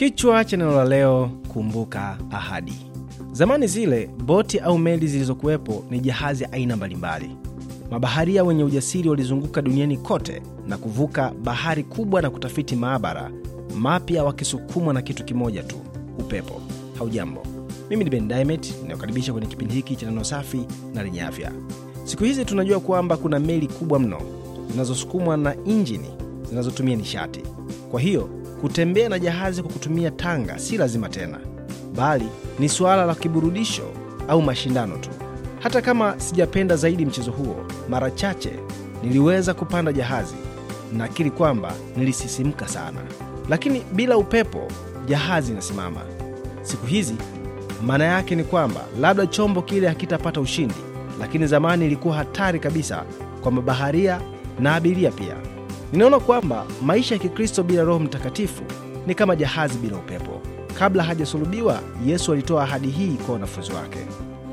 Kichwa cha neno la leo: kumbuka ahadi. Zamani zile boti au meli zilizokuwepo ni jahazi aina mbalimbali. Mabaharia wenye ujasiri walizunguka duniani kote na kuvuka bahari kubwa na kutafiti maabara mapya, wakisukumwa na kitu kimoja tu, upepo. Haujambo, mimi ni Ben Diamond, kwenye kipindi hiki cha neno safi na lenye afya. Siku hizi tunajua kwamba kuna meli kubwa mno zinazosukumwa na injini zinazotumia nishati, kwa hiyo Kutembea na jahazi kwa kutumia tanga si lazima tena, bali ni suala la kiburudisho au mashindano tu. Hata kama sijapenda zaidi mchezo huo, mara chache niliweza kupanda jahazi, nakiri kwamba nilisisimka sana, lakini bila upepo jahazi inasimama. Siku hizi maana yake ni kwamba labda chombo kile hakitapata ushindi, lakini zamani ilikuwa hatari kabisa kwa mabaharia na abiria pia. Ninaona kwamba maisha ya Kikristo bila Roho Mtakatifu ni kama jahazi bila upepo. Kabla hajasulubiwa, Yesu alitoa ahadi hii kwa wanafunzi wake.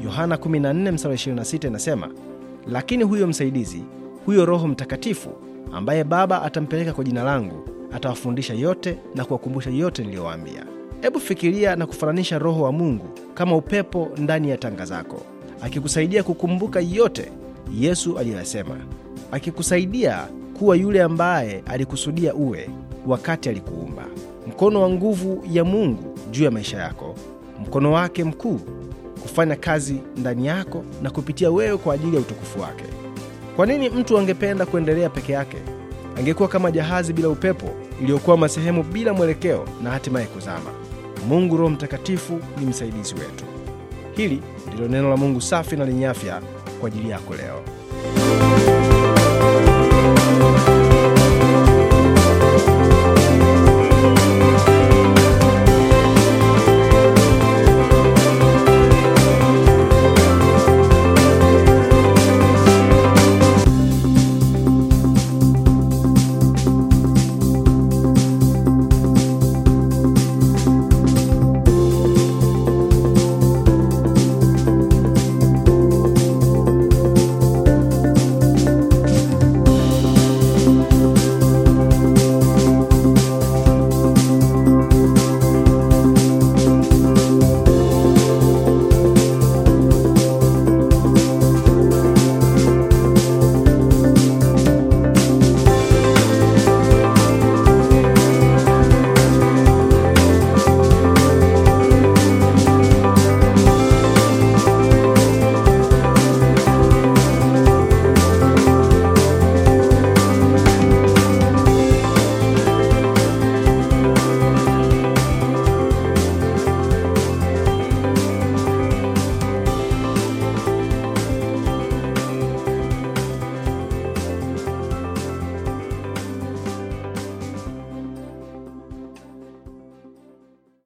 Yohana 14:26 inasema, lakini huyo msaidizi, huyo Roho Mtakatifu ambaye Baba atampeleka kwa jina langu, atawafundisha yote na kuwakumbusha yote niliyowaambia. Hebu fikiria na kufananisha Roho wa Mungu kama upepo ndani ya tanga zako, akikusaidia kukumbuka yote Yesu aliyoyasema, akikusaidia kuwa yule ambaye alikusudia uwe wakati alikuumba. Mkono wa nguvu ya Mungu juu ya maisha yako, mkono wake mkuu kufanya kazi ndani yako na kupitia wewe kwa ajili ya utukufu wake. Kwa nini mtu angependa kuendelea peke yake? Angekuwa kama jahazi bila upepo, iliyokuwa sehemu bila mwelekeo na hatimaye kuzama. Mungu Roho Mtakatifu ni msaidizi wetu. Hili ndilo neno la Mungu safi na lenye afya kwa ajili yako leo. thank you